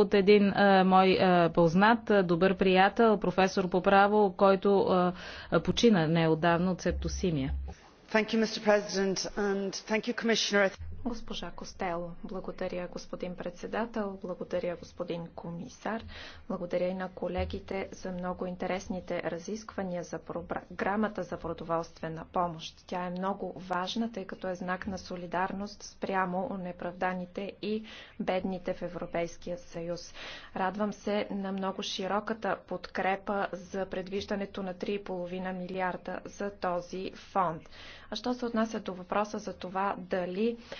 от един а, мой а, познат, а, добър приятел, професор по право, който а, а, почина неодавно от септосимия. Thank you, Mr. President, and thank you, Commissioner. Госпожа Костело, благодаря господин председател, благодаря господин комисар, благодаря и на колегите за много интересните разисквания за програмата за продоволствена помощ. Тя е много важна, тъй като е знак на солидарност спрямо неправданите и бедните в Европейския съюз. Радвам се на много широката подкрепа за предвиждането на 3,5 милиарда за този фонд. А що се отнася до въпроса за това дали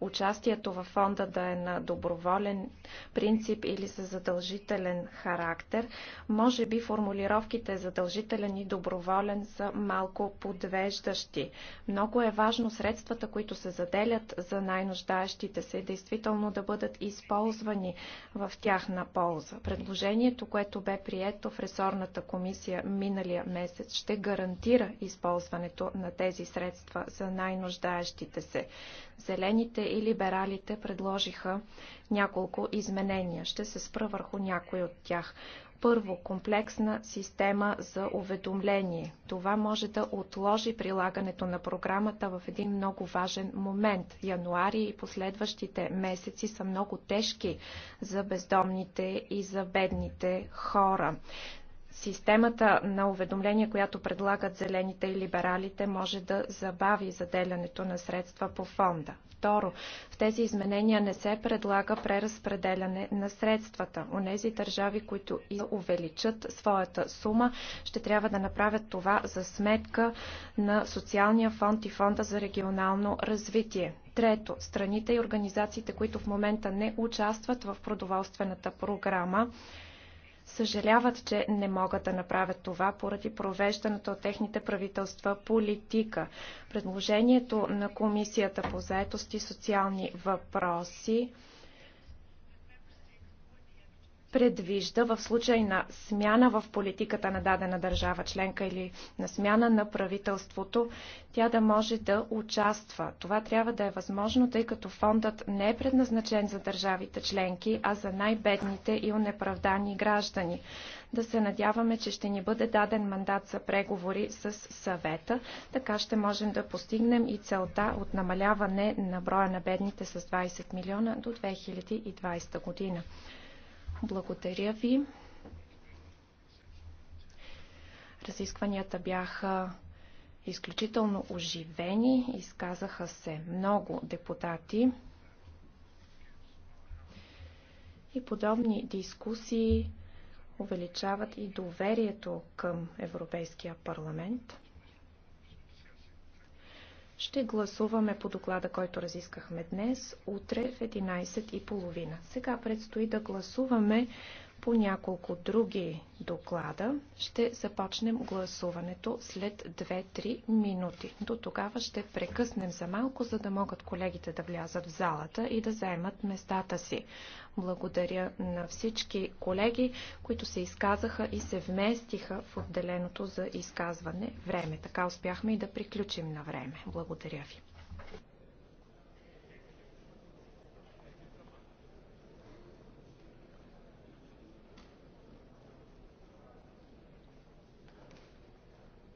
участието във фонда да е на доброволен принцип или с задължителен характер, може би формулировките задължителен и доброволен са малко подвеждащи. Много е важно средствата, които се заделят за най-нуждаещите се, действително да бъдат използвани в тяхна полза. Предложението, което бе прието в ресорната комисия миналия месец, ще гарантира използването на тези средства за най-нуждаещите се. Зелените и либералите предложиха няколко изменения. Ще се спра върху някои от тях. Първо, комплексна система за уведомление. Това може да отложи прилагането на програмата в един много важен момент. Януари и последващите месеци са много тежки за бездомните и за бедните хора. Системата на уведомления, която предлагат зелените и либералите, може да забави заделянето на средства по фонда. Второ, в тези изменения не се предлага преразпределяне на средствата. Онези държави, които увеличат своята сума, ще трябва да направят това за сметка на социалния фонд и фонда за регионално развитие. Трето, страните и организациите, които в момента не участват в продоволствената програма, съжаляват, че не могат да направят това поради провежданата от техните правителства политика. Предложението на Комисията по заетост и социални въпроси предвижда в случай на смяна в политиката на дадена държава членка или на смяна на правителството, тя да може да участва. Това трябва да е възможно, тъй като фондът не е предназначен за държавите членки, а за най-бедните и унеправдани граждани. Да се надяваме, че ще ни бъде даден мандат за преговори с съвета, така ще можем да постигнем и целта от намаляване на броя на бедните с 20 милиона до 2020 година. Благодаря ви. Разискванията бяха изключително оживени, изказаха се много депутати. И подобни дискусии увеличават и доверието към Европейския парламент. Ще гласуваме по доклада, който разискахме днес, утре в 11.30. Сега предстои да гласуваме по няколко други доклада. Ще започнем гласуването след 2-3 минути. До тогава ще прекъснем за малко, за да могат колегите да влязат в залата и да заемат местата си. Благодаря на всички колеги, които се изказаха и се вместиха в отделеното за изказване време. Така успяхме и да приключим на време. Благодаря ви.